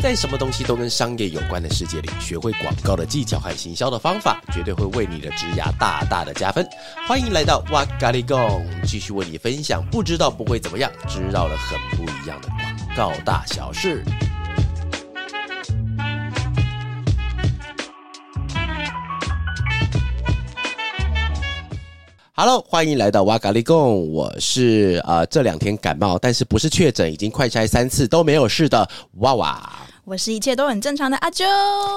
在什麼東西都跟商業有關的世界裡，學會廣告的技巧和行銷的方法，絕對會為你的職涯大大的加分。歡迎來到 WA 嘎哩供，繼續為你分享不知道不會怎麼樣，知道了很不一樣的廣告大小事。Hello，歡迎來到 WA 嘎哩供，我是呃這兩天感冒，但是不是確診，已經快篩三次都沒有事的哇哇。我是一切都很正常的阿啾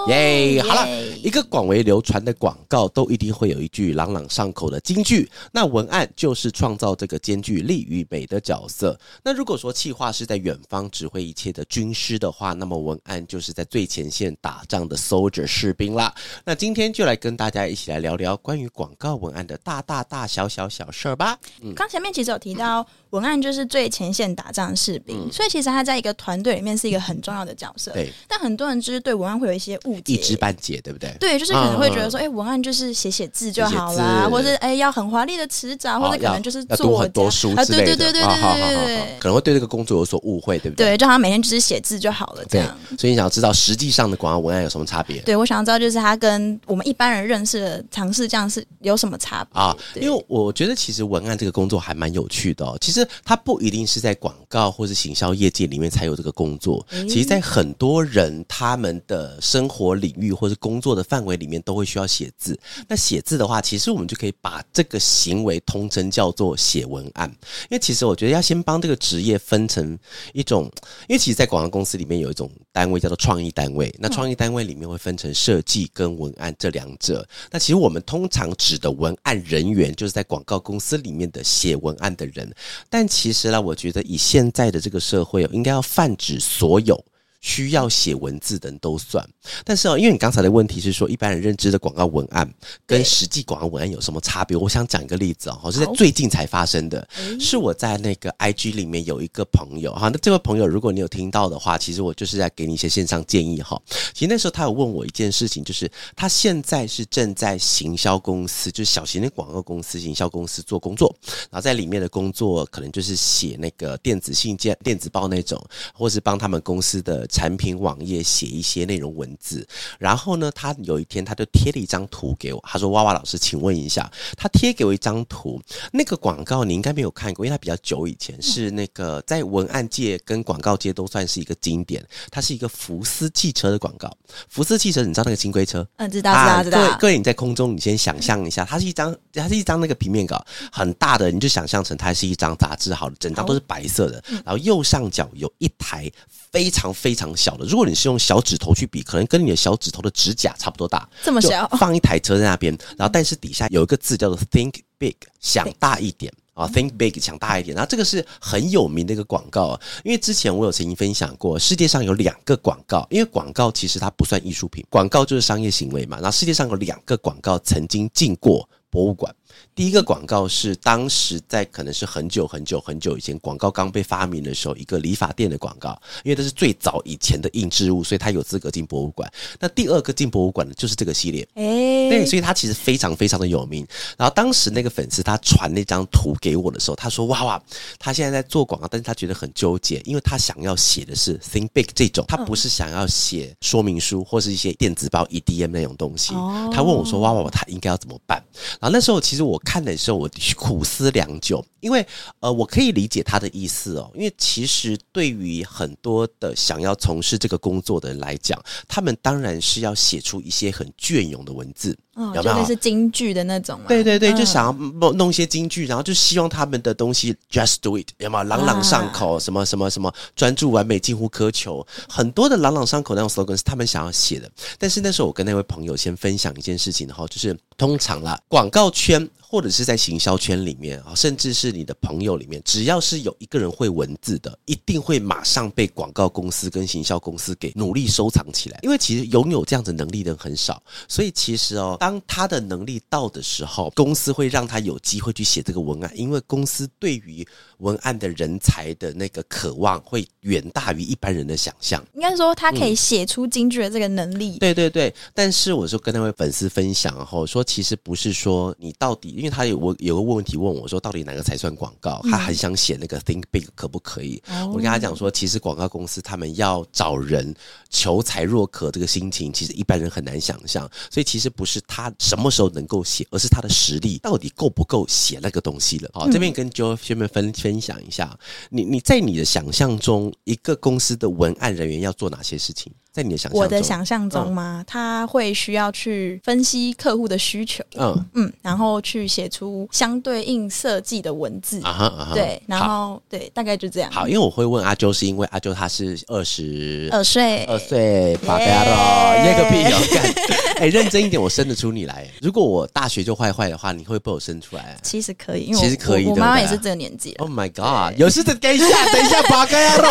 耶！Yeah, 好了，yeah. 一個廣為流傳的廣告都一定會有一句朗朗上口的金句。那文案就是創造這個兼具力與美的角色。那如果說企劃是在遠方指揮一切的軍師的話，那麼文案就是在最前線打仗的 soldier 士兵啦。那今天就來跟大家一起來聊聊關於廣告文案的大大大小小小,小事兒吧、嗯。剛前面其實有提到文案就是最前線打仗士兵、嗯，所以其實他在一個團隊裡面是一個很重要的角色。對，但很多人就是對文案會有一些誤解，一知半解，對不對？對，就是可能會覺得說，哎、嗯欸，文案就是寫寫字就好啦，或者哎、欸，要很華麗的詞藻、哦，或者可能就是讀很多書之類的。啊、對對對對，對、哦，可能會對這個工作有所誤會，對不對？對，就好像每天只是寫字就好了這樣。所以你想要知道實際上的廣告文案有什麼差別？對，我想要知道就是它跟我們一般人認識的嘗試這樣是有什麼差別啊、哦？因為我覺得其實文案這個工作還蠻有趣的、哦。其實它不一定是在廣告或是行銷業界裡面才有這個工作，欸、其實在很多。多人他們的生活領域或是工作的範圍裡面都會需要寫字。那寫字的話，其實我們就可以把這個行為通稱叫做寫文案。因為其實我覺得要先幫這個職業分成一種，因為其實，在廣告公司裡面有一種單位叫做創意單位。那創意單位裡面會分成設計跟文案這兩者。那其實我們通常指的文案人員，就是在廣告公司裡面的寫文案的人。但其實呢，我覺得以現在的這個社會喔，應該要泛指所有。需要寫文字等都算，但是哦，因為你剛才的問題是說，一般人認知的廣告文案跟實際廣告文案有什麼差別？我想講一個例子哦，是在最近才發生的，是我在那個 IG 裡面有一個朋友哈，那這位朋友如果你有聽到的話，其實我就是在給你一些線上建議哈、哦。其實那時候他有問我一件事情，就是他現在是正在行銷公司，就是小型的廣告公司，行銷公司做工作，然後在裡面的工作可能就是寫那個電子信件、電子報那種，或是幫他們公司的產品網頁寫一些內容文字，然後呢，他有一天他就貼了一張圖給我，他說：“哇哇老師，請問一下，他貼給我一張圖，那個廣告你應該沒有看過，因為它比較久以前，嗯、是那個在文案界跟廣告界都算是一個經典，它是一個福斯汽車的廣告。福斯汽車，你知道那個金龜車？嗯，知道，啊、知道，知道。各位，各位，你在空中，你先想象一下，它是一張，它是一張那個平面稿，很大的，你就想象成它是一張雜誌，好了，整張都是白色的、嗯，然後右上角有一台非常非常……常小的，如果你是用小指頭去比，可能跟你的小指頭的指甲差不多大，這麼小，放一台車在那邊，然後但是底下有一個字叫做 “think big”，想大一點 think. 啊，“think big”，想大一點。然後這個是很有名的一個廣告啊，因為之前我有曾經分享過，世界上有兩個廣告，因為廣告其實它不算藝術品，廣告就是商業行為嘛。然後世界上有兩個廣告曾經進過博物館。第一個廣告是當時在可能是很久很久很久以前，廣告剛被發明的時候，一個理髮店的廣告，因為這是最早以前的印製物，所以它有資格進博物館。那第二個進博物館的就是這個系列，哎、欸，對，所以它其實非常非常的有名。然後當時那個粉絲他傳那張圖給我的時候，他說：“哇哇，他現在在做廣告，但是他覺得很糾結，因為他想要寫的是 Think Big 這種，他不是想要寫說明書或是一些電子包 EDM 那種東西。哦”他問我說：“哇哇，哇，他應該要怎麼辦？”然後那時候其實。就我看的時候，我苦思良久，因為呃，我可以理解他的意思哦，因為其實對於很多的想要從事這個工作的人來講，他們當然是要寫出一些很雋永的文字。真那是金句的那種嘛？對對對，嗯、就想要弄弄些金句，然後就希望他們的東西 just do it，有沒有朗朗上口、啊？什麼什麼什麼，專注完美，近乎苛求。很多的朗朗上口那種 slogan 是他們想要寫的。但是那時候我跟那位朋友先分享一件事情哈，就是通常啦，廣告圈。或者是在行銷圈裡面啊，甚至是你的朋友裡面，只要是有一個人會文字的，一定會馬上被廣告公司跟行銷公司給努力收藏起來。因為其實擁有這樣子能力的人很少，所以其實哦，當他的能力到的時候，公司會讓他有機會去寫這個文案。因為公司對於文案的人才的那個渴望，會遠大於一般人的想象。應該說，他可以寫出金句的這個能力。嗯。對對對，但是我就跟那位粉絲分享後、哦、說，其實不是說你到底。因為他有我有個問題問我說，到底哪個才算廣告？嗯。他很想寫那個 Think Big 可不可以？哦。我跟他講說，其實廣告公司他們要找人求才若渴這個心情，其實一般人很難想象。所以其實不是他什麼時候能夠寫，而是他的實力到底夠不夠寫那個東西了。好、哦，這邊跟 Joe 先生分分、分享一下，你你在你的想象中，一個公司的文案人員要做哪些事情？在你的想像中，我的想象中嗎？嗯。他會需要去分析客戶的需求，嗯嗯，然後去寫出相對應設計的文字啊哈，uh -huh, uh -huh. 對，然後對，大概就這樣。好，因為我會問阿周，是因為阿周他是二十二歲，二歲八、yeah、個月了，你個必要幹，哎，認真一點，我生得出你來。如果我大學就壞壞的話，你會不會被我生出來，啊？其實可以，因為其實可以，我媽媽也是這個年紀。Oh my god！有事等一下，等一下，八嘎呀路，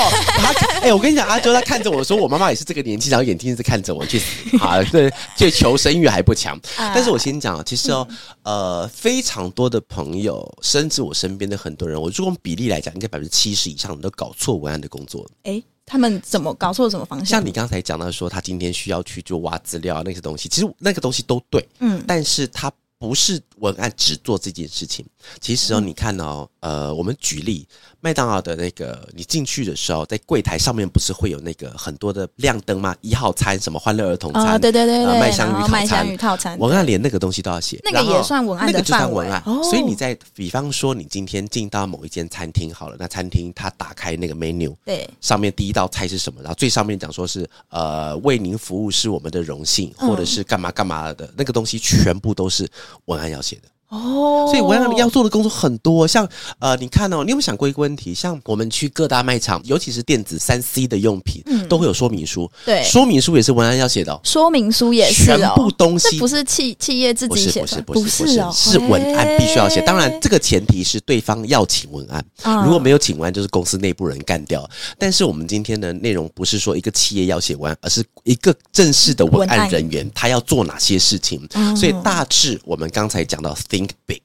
哎、 欸，我跟你講，阿周他看着我說，我媽媽也是這個年。年紀長眼睛一直看着我去啊， 對，就求生欲還不強、呃。但是我先講啊，其實哦、嗯，呃，非常多的朋友，甚至我身邊的很多人，我如果用比例來講，應該百分之七十以上都搞錯文案的工作。哎、欸，他們怎麼搞錯了什麼方向？像你剛才講到說，他今天需要去做挖資料、啊、那些東西，其實那個東西都對，嗯，但是他不是，文案只做這件事情。其實哦，嗯、你看哦，呃，我們舉例麥當勞的那個，你進去的時候，在櫃台上面不是會有那個很多的亮燈嗎？一號餐什麼歡樂兒童餐，哦，對對對對，麥香，香魚套餐麥香魚套餐，麥香魚套餐，文案連那個東西都要寫，那個也算文案的、那個、就算文案，哦、所以你在比方說，你今天進到某一間餐廳好了，那餐廳它打開那個 menu，對，上面第一道菜是什麼？然後最上面講說是呃，為您服務是我們的榮幸，嗯，或者是幹嘛幹嘛的那個東西，全部都是文案要寫。哦，所以文案要做的工作很多，像呃，你看哦，你有沒有想過一個問題？像我們去各大賣場，尤其是電子三 C 的用品、嗯，都會有說明書，對。說明書也是文案要寫的，說明書也是、哦、全部東西，不是企企業自己寫，不是不是不是不是，是文案必須要寫、哦。當然，這個前提是對方要請文案，嗯、如果沒有請文案，就是公司內部人幹掉。但是我們今天的內容不是說一個企業要寫文案，而是一個正式的文案人員，文案，他要做哪些事情。嗯、所以大致我們剛才講到。Think big,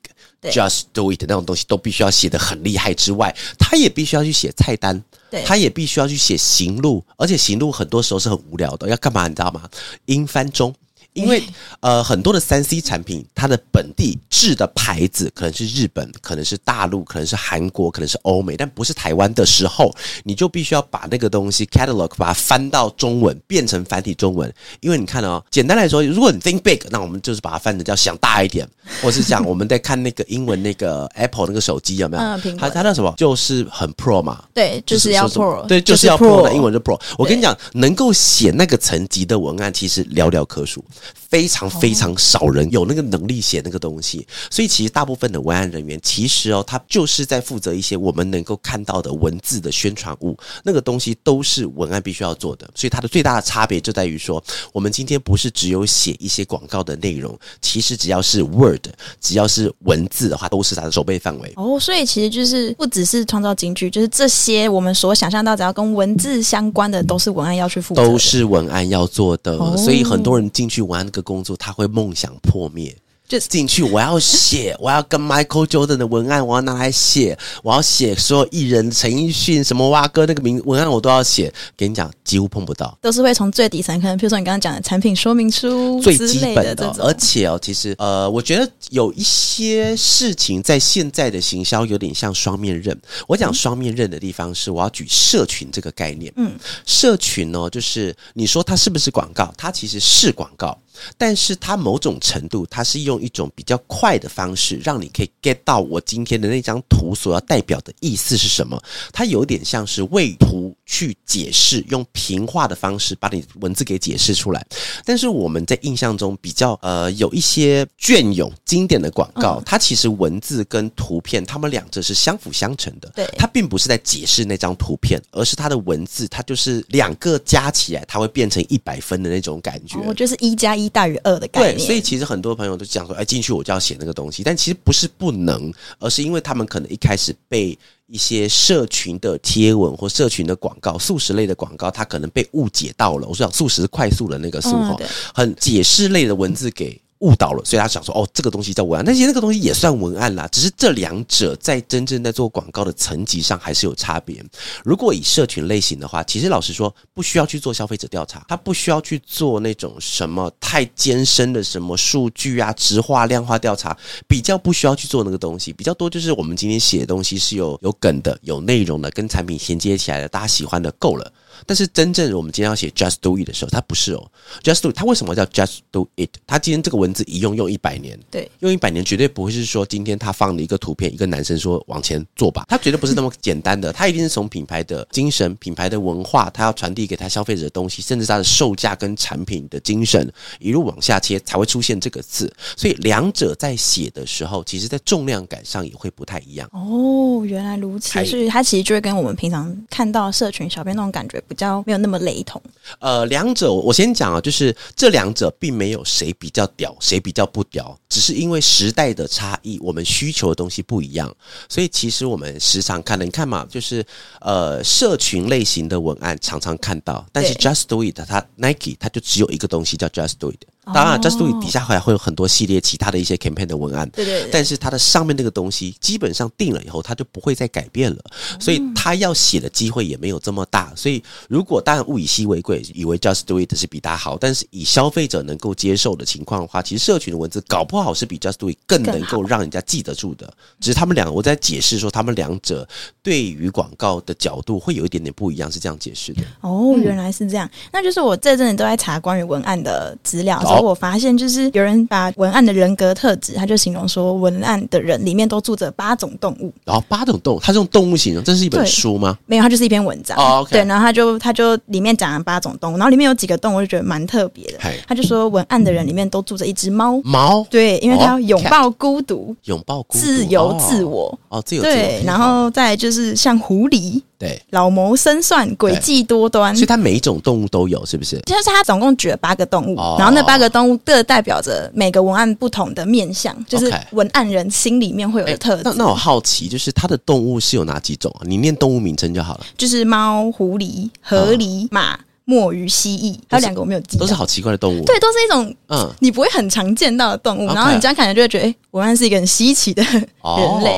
just do it 那種東西都必須要寫的很厲害之外，他也必須要去寫菜單，他也必須要去寫行路，而且行路很多時候是很無聊的，要幹嘛你知道嗎？英翻中。因為、嗯，呃，很多的三 C 產品，它的本地製的牌子可能是日本，可能是大陸，可能是韓國，可能是歐美，但不是台灣的時候，你就必須要把那個東西 catalog 把它翻到中文，變成繁體中文。因為你看哦，簡單來說，如果你 think big，那我們就是把它翻成叫想大一點， 或是講我們在看那個英文那個 Apple 那個手機有沒有？嗯、蘋果它它那什麼就是很 pro 嘛，對，就是要 pro，就是說什麼？對，就是要 pro 的、就是、英文就 pro。我跟你講，能夠寫那個層級的文案，其實寥寥可數。非常非常少人有那個能力寫那個東西，所以其實大部分的文案人員，其實哦，他就是在負責一些我們能夠看到的文字的宣傳物，那個東西都是文案必須要做的。所以它的最大的差別就在於說，我們今天不是只有寫一些廣告的內容，其實只要是 Word，只要是文字的話，都是他的守備範圍。哦，所以其實就是不只是創造金句，就是這些我們所想象到，只要跟文字相關的，都是文案要去負責，都是文案要做的。哦，所以很多人進去玩。那個工作他會夢想破滅。just 進去，我要寫， 我要跟 Michael Jordan 的文案，我要拿來寫。我要寫所有藝人陳奕迅、什麼蛙哥那個名文案，我都要寫。給你講，幾乎碰不到，都是會從最底層，可能比如說你剛剛講的產品說明書的最基本的、哦。而且哦，其實呃，我覺得有一些事情在現在的行銷有點像雙面刃。我講雙面刃的地方是，我要舉社群這個概念。嗯，社群呢、哦，就是你說它是不是廣告？它其實是廣告。但是它某種程度，它是用一種比較快的方式，讓你可以 get 到我今天的那張圖所要代表的意思是什麼。它有點像是為圖去解釋，用平化的方式把你文字給解釋出來。但是我們在印象中比較呃有一些隽永經典的廣告、嗯，它其實文字跟圖片它們兩者是相輔相成的。對，它並不是在解釋那張圖片，而是它的文字，它就是兩個加起來，它會變成一百分的那種感覺。我、哦、就是一加一。一大於二的概念。對，所以其實很多朋友都講說，哎，進去我就要寫那個東西，但其實不是不能，而是因為他們可能一開始被一些社群的貼文或社群的廣告、速食類的廣告，它可能被誤解到了。我說速食是快速的那個速哈、嗯，很解釋類的文字給。嗯誤導了，所以他想說哦，這個東西叫文案，但是那個東西也算文案啦，只是這兩者在真正在做廣告的層級上還是有差別。如果以社群類型的話，其實老實說，不需要去做消費者調查，他不需要去做那種什麼太艱深的什麼數據啊、質化、量化調查，比較不需要去做那個東西，比較多就是我們今天寫的東西是有有梗的、有內容的，跟產品銜接起來的，大家喜歡的夠了。但是真正我們今天要寫 just do it 的時候，它不是哦。just do，它為什麼叫 just do it？它今天這個文字一用用一百年，對，用一百年絕對不會是說今天他放了一個圖片，一個男生說往前做吧，他絕對不是那麼簡單的。他 一定是從品牌的精神、品牌的文化，他要傳遞給他消費者的東西，甚至他的售價跟產品的精神一路往下切，才會出現這個字。所以兩者在寫的時候，其實在重量感上也會不太一樣。哦，原來如此，就是它其實就會跟我們平常看到社群小編那種感覺。比較沒有那麼雷同。呃，兩者我先講啊，就是這兩者並沒有誰比較屌，誰比較不屌。只是因為時代的差異，我們需求的東西不一樣，所以其實我們時常看的，你看嘛，就是呃，社群類型的文案常常看到，但是 just do it，它 Nike 它就只有一個東西叫 just do it，當然、哦、just do it 底下還會有很多系列其他的一些 campaign 的文案，對對、對，但是它的上面那個東西基本上定了以後，它就不會再改變了，所以它要寫的機會也沒有這麼大，所以如果當然物以稀為貴，以為 just do it 是比大家好，但是以消費者能夠接受的情況的話，其實社群的文字搞不好。好是比 just doing 更能夠讓人家記得住的，只是他們兩個我在解釋說他們兩者對於廣告的角度會有一點點不一樣，是這樣解釋的哦。原來是這樣，那就是我這陣子都在查關於文案的資料，然、哦、後我發現就是有人把文案的人格特質，他就形容說文案的人裡面都住着八種動物，然、哦、後八種動物，他是用動物形容，這是一本書嗎？沒有，他就是一篇文章，哦 okay、對，然後他就他就裡面講了八種動物，然後裡面有幾個動物，我就覺得蠻特別的，他就說文案的人裡面都住着一只貓，貓對。對，因為他要擁抱孤獨，擁、oh, 抱、okay. 自由自我。哦，哦自由自由對，然後再就是像狐狸，對，老謀深算，詭計多端。所以它每一種動物都有，是不是？就是他總共舉了八個動物，哦、然後那八個動物各代表着每個文案不同的面向、哦，就是文案人心裡面會有個特色、欸、那那我好,好奇，就是它的動物是有哪幾種啊？你念動物名稱就好了。就是貓、狐狸、河狸、哦、馬。墨魚、蜥蜴，還有兩個我沒有記得，都是好奇怪的動物。對，都是一種嗯，你不會很常見到的動物。嗯、然後你這樣看來就會覺得，哎、欸，我媽媽是一個很稀奇的人類。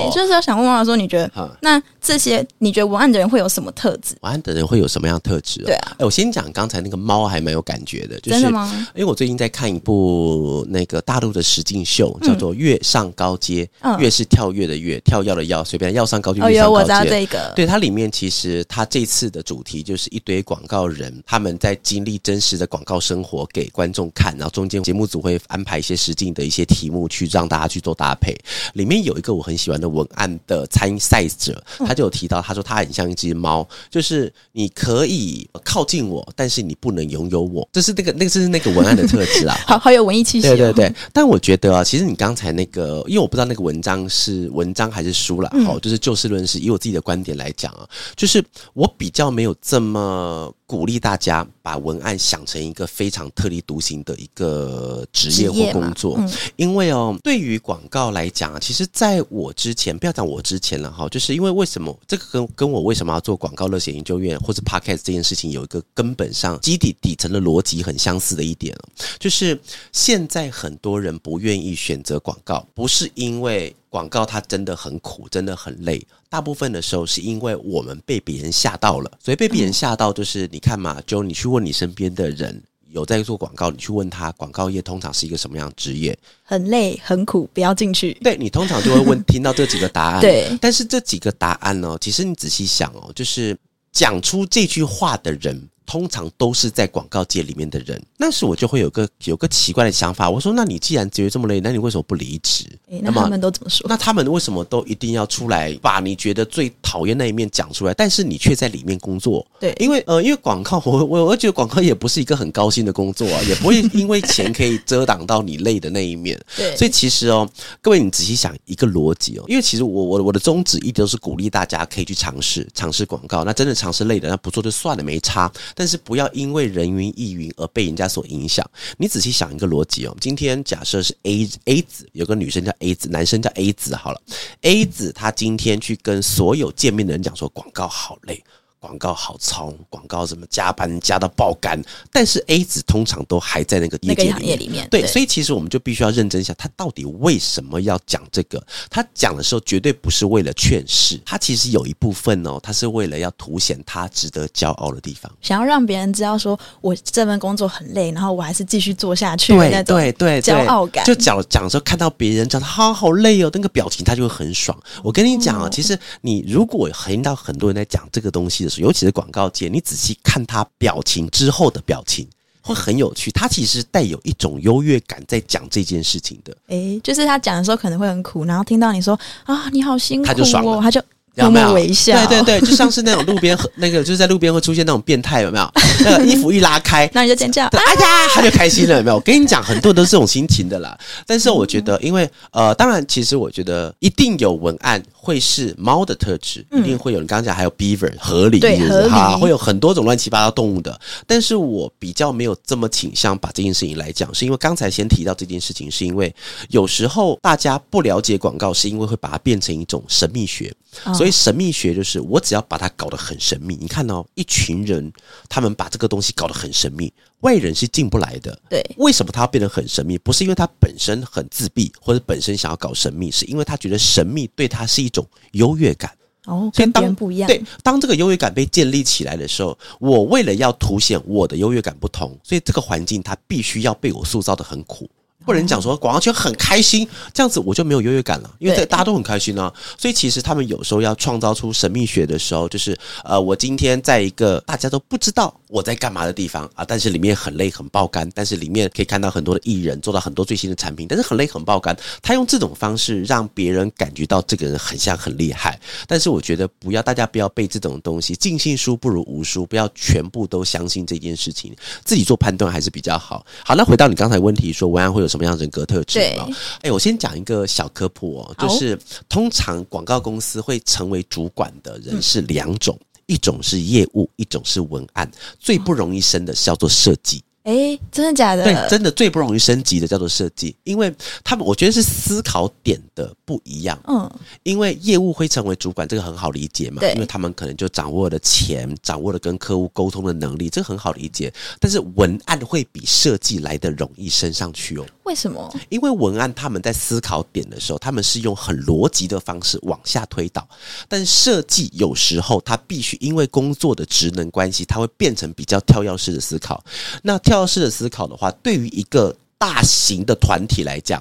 哦、就是要想問媽媽說，你覺得、嗯、那？這些你覺得文案的人會有什麼特質？文案的人會有什麼樣的特質？對啊，哎、欸，我先講剛才那個貓還蠻有感覺的，就是因為我最近在看一部那個大陸的實境秀，嗯、叫做《越上高階》嗯，越是跳越的越、嗯、跳要的要，隨便要上高就上高、哦有。我知道這個、對它裡面其實它這次的主題就是一堆廣告人他們在經歷真實的廣告生活給觀眾看，然後中間節目組會安排一些實境的一些題目去讓大家去做搭配。裡面有一個我很喜歡的文案的參賽者，他、嗯。就有提到，他說他很像一隻貓，就是你可以靠近我，但是你不能擁有我，這是那個那個就是那個文案的特質啦， 好，好有文藝氣息、哦。對對對，但我覺得啊，其實你剛才那個，因為我不知道那個文章是文章還是書啦，好、嗯哦，就是就事論事，以我自己的觀點來講啊，就是我比較沒有這麼。鼓勵大家把文案想成一個非常特立獨行的一個職業或工作，嗯、因為哦，對於廣告來講、啊，其實在我之前不要講我之前了哈、哦，就是因為為什麼這個跟跟我為什麼要做廣告樂血研究院或者 Podcast 這件事情有一個根本上基底底層的邏輯很相似的一點、哦，就是現在很多人不願意選擇廣告，不是因為。廣告它真的很苦，真的很累。大部分的時候是因為我們被別人嚇到了，所以被別人嚇到就是、嗯、你看嘛，就你去問你身邊的人有在做廣告，你去問他，廣告業通常是一個什麼樣的職業？很累，很苦，不要進去。對，你通常就會問 聽到這幾個答案。 對，但是這幾個答案呢、哦，其實你仔細想哦，就是講出這句話的人。通常都是在廣告界裡面的人，那時我就會有個有個奇怪的想法，我說：“那你既然覺得這麼累，那你為什麼不離職、欸？”那麼他們都怎麼說？那他們為什麼都一定要出來把你覺得最討厭那一面講出來？但是你卻在裡面工作，對，因為呃，因為廣告，我我我覺得廣告也不是一個很高薪的工作啊，也不會因為錢可以遮擋到你累的那一面， 對。所以其實哦、喔，各位，你仔細想一個邏輯哦，因為其實我我我的宗旨一直都是鼓勵大家可以去嘗試嘗試廣告，那真的嘗試累的，那不做就算了，沒差。但是不要因為人云亦云而被人家所影響。你仔細想一個邏輯哦，今天假設是 A A 子，有個女生叫 A 子，男生叫 A 子，好了，A 子他今天去跟所有見面的人講說廣告好累。廣告好操，廣告什麼加班加到爆肝，但是 A 子通常都還在那個那個業界裡面對。對，所以其實我們就必須要認真想一下，他到底為什麼要講這個？他講的時候絕對不是為了勸世，他其實有一部分哦，他是為了要凸顯他值得驕傲的地方，想要讓別人知道說我這份工作很累，然後我還是繼續做下去的那種。對對對，驕傲感就講講的時候，看到別人講他好好累哦，那個表情他就會很爽。我跟你講啊、哦哦，其實你如果聽到很多人在講這個東西，尤其是廣告界，你仔細看他表情之後的表情，會很有趣。他其實帶有一種優越感在講這件事情的。哎，欸，就是他講的時候可能會很苦，然後聽到你說啊，你好辛苦，哦，他就爽了，他就。有沒有木木？對對對，就像是那種路邊 那個，就是在路邊會出現那種變態，有沒有？那個衣服一拉開，那 你就尖叫，哎、啊、呀，他就開心了，有沒有？我跟你講，很多都是這種心情的啦。但是我覺得，因為呃，當然，其實我覺得一定有文案會是貓的特質，嗯、一定會有人剛才講還有 Beaver、嗯、合理、就是，對，合理、啊，會有很多種亂七八糟動物的。但是我比較沒有這麼傾向把這件事情來講，是因為剛才先提到這件事情，是因為有時候大家不了解廣告，是因為會把它變成一種神祕學，哦、所以。所以，神秘學就是我只要把它搞得很神秘，你看哦，一群人，他們把這個東西搞得很神秘，外人是進不來的。對，為什麼他要變得很神秘？不是因為他本身很自閉，或者本身想要搞神秘，是因為他覺得神秘對他是一種優越感。哦，跟別人不一樣。當，對，當這個優越感被建立起來的時候，我為了要凸顯我的優越感不同，所以這個環境它必須要被我塑造得很苦。不能講說廣告圈很開心，這樣子我就沒有優越感了，因為大家都很開心啊。所以其實他們有時候要創造出神秘學的時候，就是呃，我今天在一個大家都不知道我在幹嘛的地方啊，但是裡面很累很爆肝，但是裡面可以看到很多的藝人做，到很多最新的產品，但是很累很爆肝。他用這種方式讓別人感覺到這個人很像很厲害，但是我覺得不要，大家不要背這種東西，盡信書不如無書，不要全部都相信這件事情，自己做判斷還是比較好。好，那回到你剛才問題說，說文案會有什麼？什麼樣人格特質嘛？哎、欸，我先講一個小科普、喔、哦，就是通常廣告公司會成為主管的人是兩種、嗯，一種是業務，一種是文案。嗯、最不容易升的是叫做設計。哎、欸，真的假的？對，真的最不容易升級的叫做設計，因為他們我覺得是思考點的不一樣。嗯，因為業務會成為主管，這個很好理解嘛，因為他們可能就掌握了錢，掌握了跟客戶溝通的能力，這個很好理解。但是文案會比設計來的容易升上去哦、喔。為什麼？因為文案他們在思考點的時候，他們是用很邏輯的方式往下推導，但設計有時候他必須因為工作的職能關係，他會變成比較跳躍式的思考。那跳躍式的思考的話，對於一個。大型的團體來講，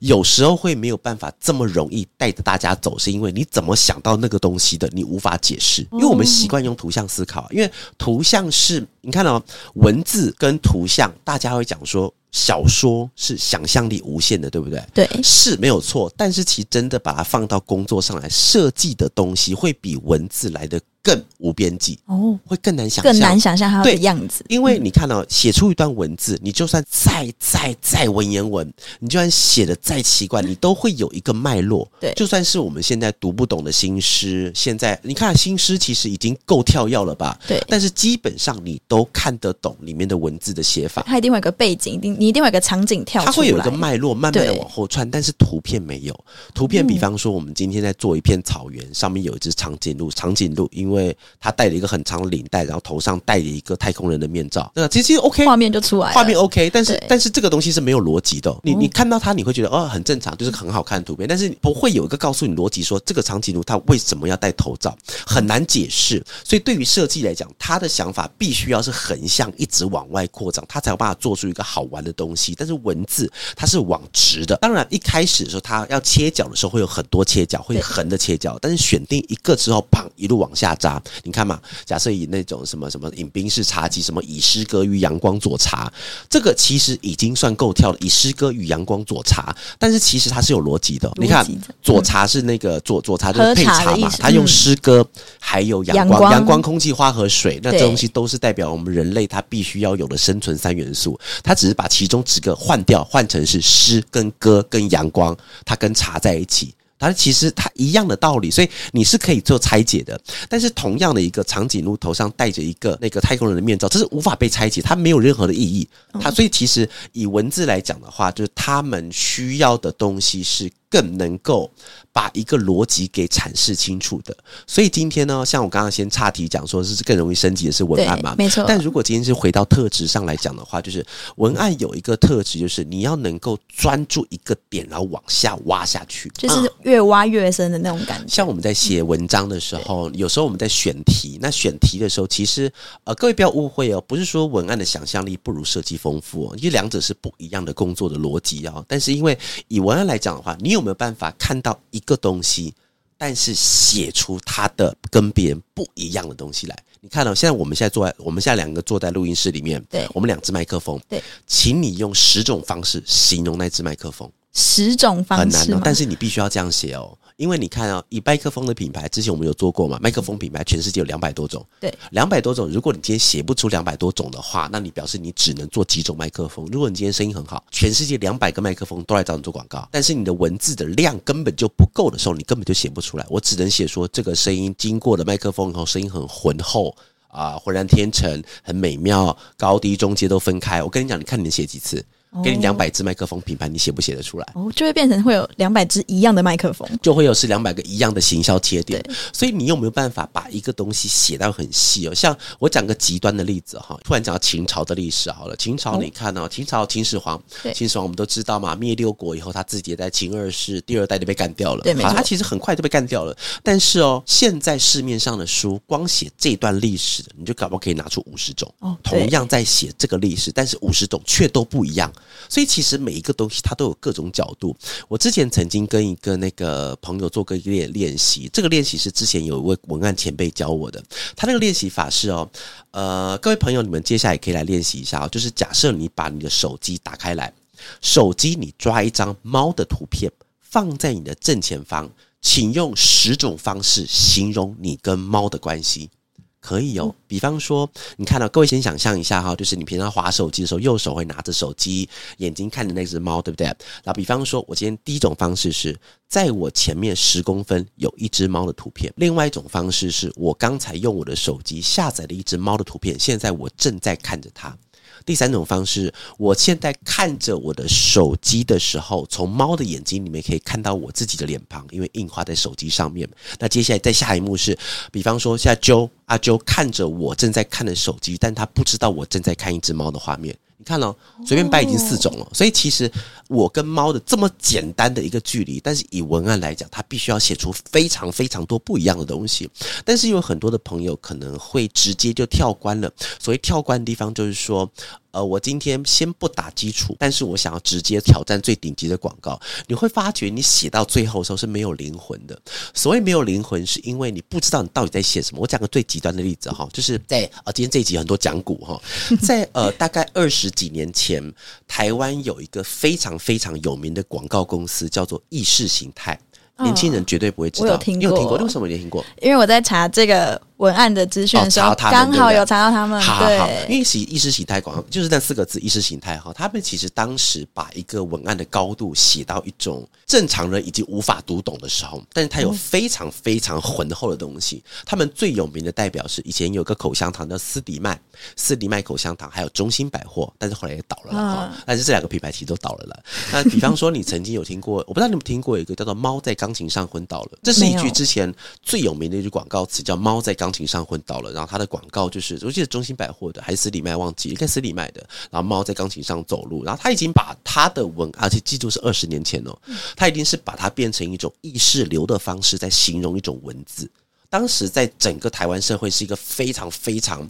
有時候會沒有辦法這麼容易帶着大家走，是因為你怎麼想到那個東西的，你無法解釋。因為我們習慣用圖像思考、啊，因為圖像是你看到嗎？文字跟圖像，大家會講說小說是想象力無限的，對不對？對，是沒有錯。但是其實真的把它放到工作上來設計的東西，會比文字來的，更無邊際哦，會更難想，更難想象它的樣子。因為你看到、喔、寫、嗯、出一段文字，你就算再再再文言文，你就算寫的再奇怪，你都會有一個脈絡。對、嗯，就算是我們現在讀不懂的新詩，現在你看、啊、新詩其實已經夠跳躍了吧？對。但是基本上你都看得懂裡面的文字的寫法。它一定會有個背景，一定你一定會有個場景跳出來，它會有一個脈絡慢慢的往後串。但是圖片沒有。圖片比方說我們今天在做一片草原，嗯、上面有一隻長頸鹿，長頸鹿因為。因為他戴了一個很長的領帶，然後頭上戴了一個太空人的面罩，那其實，其實 OK，畫面就出來，畫面 OK，但是但是這個東西是沒有邏輯的，你你看到他你會覺得哦，很正常，就是很好看的圖片，嗯、但是不會有一個告訴你邏輯說，說這個長頸鹿它為什麼要戴頭罩，很難解釋。所以對於設計來講，他的想法必須要是橫向一直往外擴張，他才有辦法做出一個好玩的東西。但是文字它是往直的，當然一開始的時候，他要切角的時候會有很多切角，會橫的切角，但是選定一個之後，砰一路往下長。啊，你看嘛，假設以那種什麼什麼飲冰室茶集，什麼以詩歌與陽光佐茶，這個其實已經算夠跳了。以詩歌與陽光佐茶，但是其實它是有邏輯的。你看，佐茶是那個佐佐，佐茶就是配茶嘛，茶它用詩歌還有陽光、陽光、光、空氣、花和水，那這東西都是代表我們人類它必須要有的生存三元素。它只是把其中幾個換掉，換成是詩跟歌跟陽光，它跟茶在一起。它其實它一樣的道理，所以你是可以做拆解的。但是同樣的一個長頸鹿頭上戴着一個那個太空人的面罩，這是無法被拆解，它沒有任何的意義。它所以其實以文字來講的話，就是他們需要的東西是更能夠把一個邏輯給闡釋清楚的，所以今天呢，像我剛剛先岔題講說是更容易升級的是文案嘛，沒錯。但如果今天是回到特質上來講的話，就是文案有一個特質，就是你要能夠專注一個點，然後往下挖下去，就是越挖越深的那種感覺。嗯，像我們在寫文章的時候，有時候我們在選題，那選題的時候，其實呃，各位不要誤會哦，不是說文案的想象力不如設計豐富哦，因為兩者是不一樣的工作的邏輯哦。但是因為以文案來講的話，你有沒有辦法看到一個東西，但是寫出它的跟別人不一樣的東西來。你看到，哦，現在，我們現在坐在，我們現在兩個坐在錄音室裡面，對，我們兩隻麥克風，對，請你用十種方式形容那隻麥克風。十種方式很難喔，但是你必須要這樣寫哦，因為你看啊，以麥克風的品牌，之前我們有做過嘛，麥克風品牌全世界有兩百多種，對，兩百多種。如果你今天寫不出兩百多種的話，那你表示你只能做幾種麥克風。如果你今天聲音很好，全世界兩百個麥克風都來找你做廣告，但是你的文字的量根本就不夠的時候，你根本就寫不出來。我只能寫說這個聲音經過了麥克風以後，聲音很渾厚啊，渾然天成，很美妙，高低中間都分開。我跟你講，你看你能寫幾次？給你兩百支麥克風品，品牌你寫不寫得出來？哦，就會變成會有兩百支一樣的麥克風，就會有是兩百個一樣的行銷切點。對。所以你有沒有辦法把一個東西寫到很細？哦，像我講個極端的例子哈，哦，突然講到秦朝的歷史好了。秦朝，你看哦，哦，秦朝，秦始皇，秦始皇，我們都知道嘛，滅六國以後，他自己也在秦二世第二代就被幹掉了。對，沒錯。他其實很快就被幹掉了。但是哦，現在市面上的書，光寫這段歷史，你就搞不好可以拿出五十種，哦，同樣在寫這個歷史，但是五十種卻都不一樣。所以其實每一個東西它都有各種角度。我之前曾經跟一個那個朋友做過一個練習，這個練習是之前有一位文案前輩教我的。他那個練習法是哦，呃，各位朋友，你們接下來也可以來練習一下哦。就是假設你把你的手機打開來，手機你抓一張貓的圖片放在你的正前方，請用十種方式形容你跟貓的關係。可以有，哦，比方說，你看到、啊、各位先想象一下哈，就是你平常滑手機的時候，右手會拿着手機，眼睛看着那隻貓，對不對？那比方說，我今天第一種方式是在我前面十公分有一隻貓的圖片，另外一種方式是我剛才用我的手機下載了一隻貓的圖片，現在我正在看着它。第三種方式，我現在看着我的手機的時候，從貓的眼睛裡面可以看到我自己的臉龐，因為印花在手機上面。那接下來再下一幕是，比方說現在 Joe 啊 Joe 看着我正在看的手機，但他不知道我正在看一隻貓的畫面。你看咯，哦，隨便掰已經四種了，哦，所以其實我跟貓的這麼簡單的一個距離，但是以文案來講，它必須要寫出非常非常多不一樣的東西，但是有很多的朋友可能會直接就跳關了，所謂跳關的地方就是說。呃，我今天先不打基礎，但是我想要直接挑戰最頂級的廣告。你會發覺，你寫到最後的時候是沒有靈魂的。所謂沒有靈魂，是因為你不知道你到底在寫什麼。我講個最極端的例子哈，就是在啊、呃，今天這一集很多講古哈，呃 在呃，大概二十幾年前，台灣有一個非常非常有名的廣告公司叫做意識形態，年輕人絕對不會知道，哦、我有聽過。為什麼你聽過？因為我在查這個。文案的資訊，剛、哦、好有查到他們，對，好好好，因為寫意識形態廣告就是那四個字意識形態哈、哦。他們其實當時把一個文案的高度寫到一種正常人已經無法讀懂的時候，但是他有非常非常渾厚的東西、嗯。他們最有名的代表是以前有一個口香糖叫司迪麥，司迪麥口香糖，還有中興百貨，但是後來也倒了啦、嗯，但是這兩個品牌其實都倒了啦。那比方說，你曾經有聽過， 我不知道你們聽過一個叫做《貓在鋼琴上昏倒了》，這是一句之前最有名的一句廣告詞，叫《貓在鋼》。鋼琴上昏倒了，然後他的廣告就是，尤其是中興百貨的還是死里賣忘記，應該是死里賣的。然後貓在鋼琴上走路，然後他已經把他的文，而且記住是二十年前哦，他一定是把它變成一種意識流的方式，在形容一種文字。當時在整個台灣社會是一個非常非常。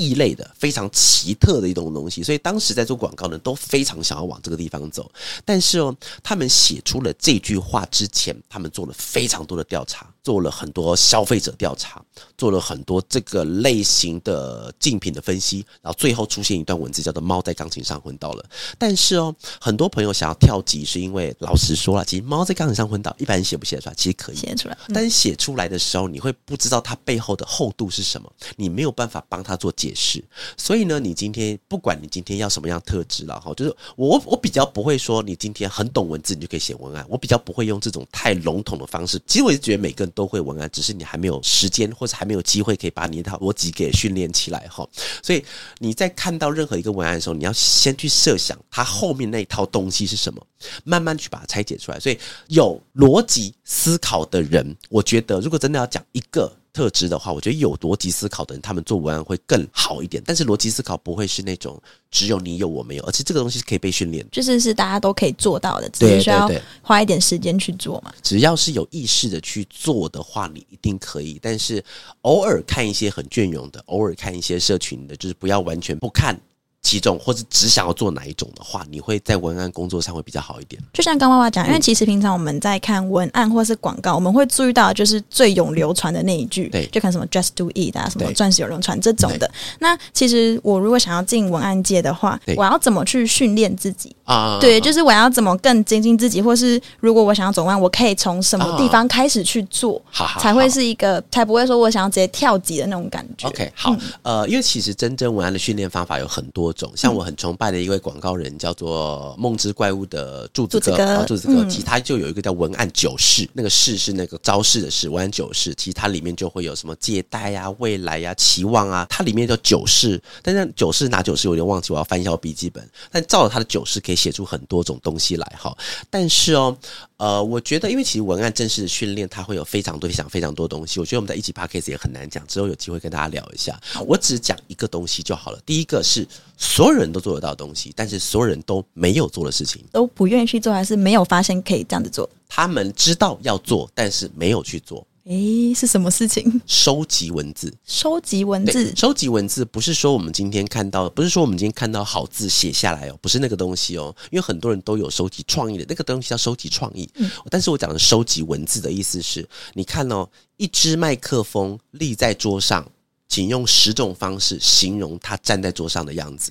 異類的非常奇特的一種東西，所以當時在做廣告呢都非常想要往這個地方走。但是哦，他們寫出了這句話之前，他們做了非常多的調查，做了很多消費者調查，做了很多這個類型的競品的分析，然後最後出現一段文字叫做“貓在鋼琴上昏倒了”。但是哦，很多朋友想要跳級，是因為老實說了，其實“貓在鋼琴上昏倒”一般人寫不寫出來，其實可以寫出來，嗯、但寫出來的時候，你會不知道它背後的厚度是什麼，你沒有辦法幫他做解。也是，所以呢，你今天不管你今天要什麼樣特質了哈，就是我我比較不會說你今天很懂文字，你就可以寫文案。我比較不會用這種太籠統的方式。其實，我是覺得每個人都會文案，只是你還沒有時間，或者還沒有機會，可以把你那套邏輯給訓練起來哈。所以你在看到任何一個文案的時候，你要先去設想它後面那一套東西是什麼，慢慢去把它拆解出來。所以有邏輯思考的人，我覺得如果真的要講一個。特質的話，我覺得有邏輯思考的人，他們做文案會更好一點，但是邏輯思考不會是那種只有你有我沒有，而且這個東西是可以被訓練的，就是是大家都可以做到的，對對對。只是需要花一點時間去做嘛。只要是有意識的去做的話，你一定可以。但是偶爾看一些很雋永的，偶爾看一些社群的，就是不要完全不看。幾種，或者只想要做哪一種的話，你會在文案工作上會比較好一點。就像剛爸爸講，因為其實平常我們在看文案或是廣告，我們會注意到就是最永流傳的那一句，對就看什麼 Just Do It 啊，什麼鑽石永流傳這種的。那其實我如果想要進文案界的話，對我要怎麼去訓練自己啊,啊,啊,啊,啊？對，就是我要怎麼更精進自己，或是如果我想要轉行，我可以從什麼地方開始去做，啊啊啊啊啊好好好才會是一個好好好才不會說我想要直接跳級的那種感覺。OK，好，嗯、呃，因為其實真正文案的訓練方法有很多。像我很崇拜的一位廣告人，叫做夢之怪物的柱子哥，柱子哥，啊柱子哥嗯、其實他就有一個叫文案九式，那個式是那個招式的式，文案九式，其實它裡面就會有什麼借貸啊、未來啊、期望啊，它裡面叫九式，但是九式哪九式我有點忘記，我要翻一下筆記本。但照着他的九式，可以寫出很多種東西來哈。但是哦。呃，我覺得，因為其實文案正式的訓練，它會有非常多想非，非常多東西。我覺得我們在一起 podcast 也很難講，之後有機會跟大家聊一下。我只講一個東西就好了。第一個是所有人都做得到的東西，但是所有人都沒有做的事情，都不願意去做，還是沒有發現可以這樣子做？他們知道要做，但是沒有去做。誒、欸，是什麼事情？收集文字，收集文字，收集文字，不是說我們今天看到，不是說我們今天看到好字寫下來哦，不是那個東西哦，因為很多人都有收集創意的，那個東西叫收集創意。嗯、但是我講的收集文字的意思是你看哦，一支麥克風立在桌上，請用十種方式形容它站在桌上的樣子。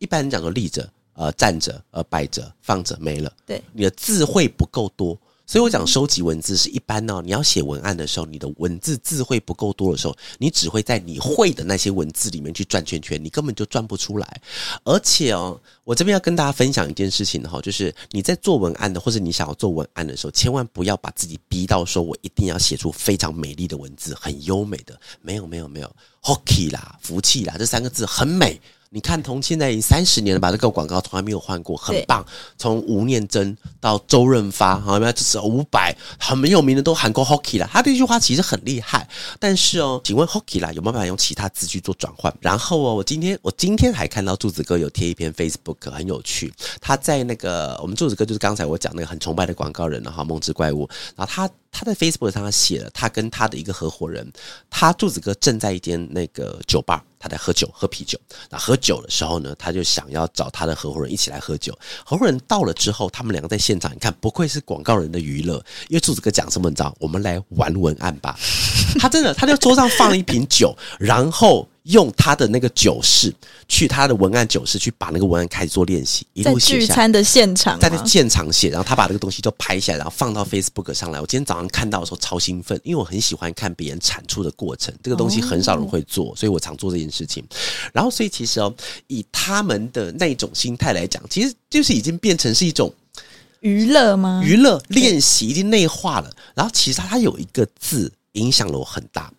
一般人講的立着，呃，站着，呃，擺着，放着，沒了。對，你的字彙不夠多。所以我講收集文字是一般哦，你要寫文案的時候，你的文字字彙不夠多的時候，你只會在你會的那些文字裡面去轉圈圈，你根本就轉不出來。而且哦，我這邊要跟大家分享一件事情哈、哦，就是你在做文案的，或者你想要做文案的時候，千萬不要把自己逼到說，我一定要寫出非常美麗的文字，很優美的，沒有沒有沒有，福氣啦，福氣啦，這三個字很美。你看，同現在已經三十年了吧，把這個廣告從來沒有換過，很棒。從吳念真到周潤發，好，有？這是伍佰很有名的都喊過 Hockey 啦。他這句話其實很厲害，但是哦、喔，請問 Hockey 啦，有沒有辦法用其他字句做轉換？然後哦、喔，我今天我今天還看到柱子哥有貼一篇 Facebook 很有趣，他在那個我們柱子哥就是剛才我講那個很崇拜的廣告人了、喔、哈，夢之怪物，然後他。他在 Facebook 上寫了，他跟他的一個合夥人，他柱子哥正在一間那個酒吧，他在喝酒喝啤酒。那喝酒的時候呢，他就想要找他的合夥人一起來喝酒。合夥人到了之後，他們兩個在現場，你看不愧是廣告人的娛樂，因為柱子哥講什麼，你知道，我們來玩文案吧。 他真的，他在桌上放了一瓶酒，然後。用他的那個酒室，去他的文案酒室，去把那個文案開始做練習，一路寫。聚餐的現場，在那現場寫，然後他把這個東西就拍下來，然後放到 Facebook 上來。我今天早上看到的時候超興奮，因為我很喜歡看別人產出的過程。這個東西很少人會做，哦、所以我常做這件事情。然後，所以其實哦，以他們的那種心態來講，其實就是已經變成是一種娛樂嗎？娛樂、Okay. 練習已經內化了。然後，其實他有一個字影響了我很大。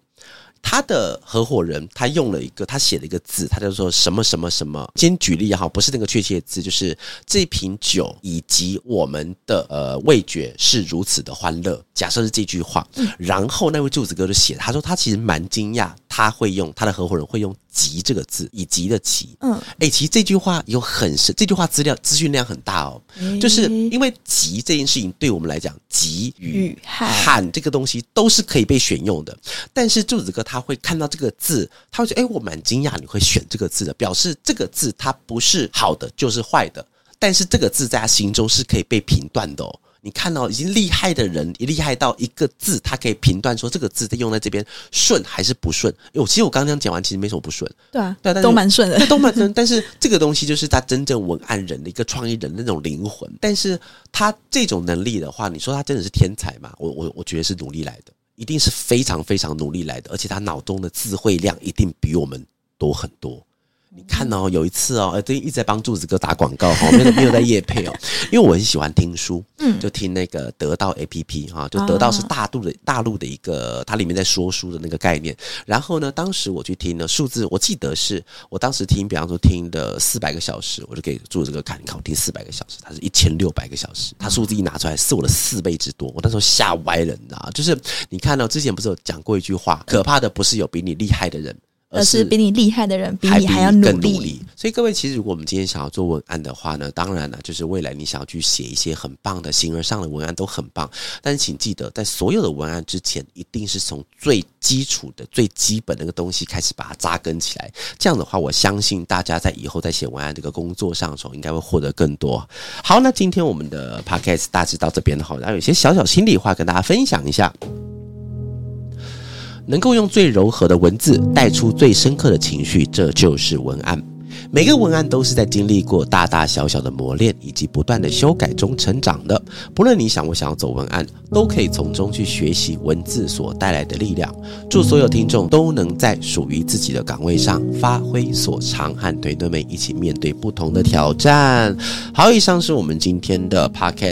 他的合夥人，他用了一個，他寫了一個字，他叫做什麼什麼什麼。先舉例哈、啊，不是那個確切的字，就是這瓶酒以及我們的呃味覺是如此的歡樂。假設是這句話、嗯，然後那位柱子哥就寫，他說他其實蠻驚訝。他會用他的合夥人會用「急」這個字，以「急」的「急」。嗯，哎、欸，其實這句話有很深，這句話資料資訊量很大哦。嗯，就是因為「急」這件事情，對我們來講，「急」與「喊」這個東西都是可以被選用的。但是柱子哥他會看到這個字，他會覺得哎、欸，我蠻驚訝你會選這個字的，表示這個字它，不是好的就是壞的。但是這個字在他心中是可以被評斷的哦。你看到已經厲害的人，一厲害到一個字，他可以評斷說這個字他用在這邊順還是不順。因為我其實我剛剛講完，其實沒什麼不順，對啊，都蠻順的。都蠻順。但是這個東西就是他真正文案人的 一個創意人的那種靈魂。但是他這種能力的話，你說他真的是天才嗎？我我我覺得是努力來的，一定是非常非常努力來的，而且他腦中的智慧量一定比我們多很多。你看哦，有一次哦，呃，對，一直在幫柱子哥打廣告哈，沒有沒有在業配哦， 因為我很喜歡聽書，嗯，就聽那個得到 APP、嗯、哈，就得到是大陸的大陸的一個，它裡面在說書的那個概念。然後呢，當時我去聽呢，數字我記得是我當時聽，比方說聽的四百個小時，我就給柱子哥看，你看我聽四百個小時，它是一千六百個小時，它數字一拿出來是我的四倍之多，我那時候嚇歪了，你知道就是你看、哦、之前不是有講過一句話、嗯，可怕的不是有比你厲害的人。而是比你厲害的人，比你還要努力。所以各位，其實如果我們今天想要做文案的話呢，當然了，就是未來你想要去寫一些很棒的形而上的文案，都很棒。但是請記得，在所有的文案之前，一定是從最基礎的、最基本那個東西開始把它扎根起來。這樣的話，我相信大家在以後在寫文案這個工作上的時候，應該會獲得更多。好，那今天我們的 Podcast 大致到這邊的話，然後有些小小心裡話跟大家分享一下。能夠用最柔和的文字帶出最深刻的情緒，這就是文案。每個文案都是在經歷過大大小小的磨練以及不斷的修改中成長的。不論你想不想要走文案，都可以從中去學習文字所帶來的力量。祝所有聽眾都能在屬於自己的崗位上發揮所長，和團隊們一起面對不同的挑戰。好，以上是我們今天的 Podcast。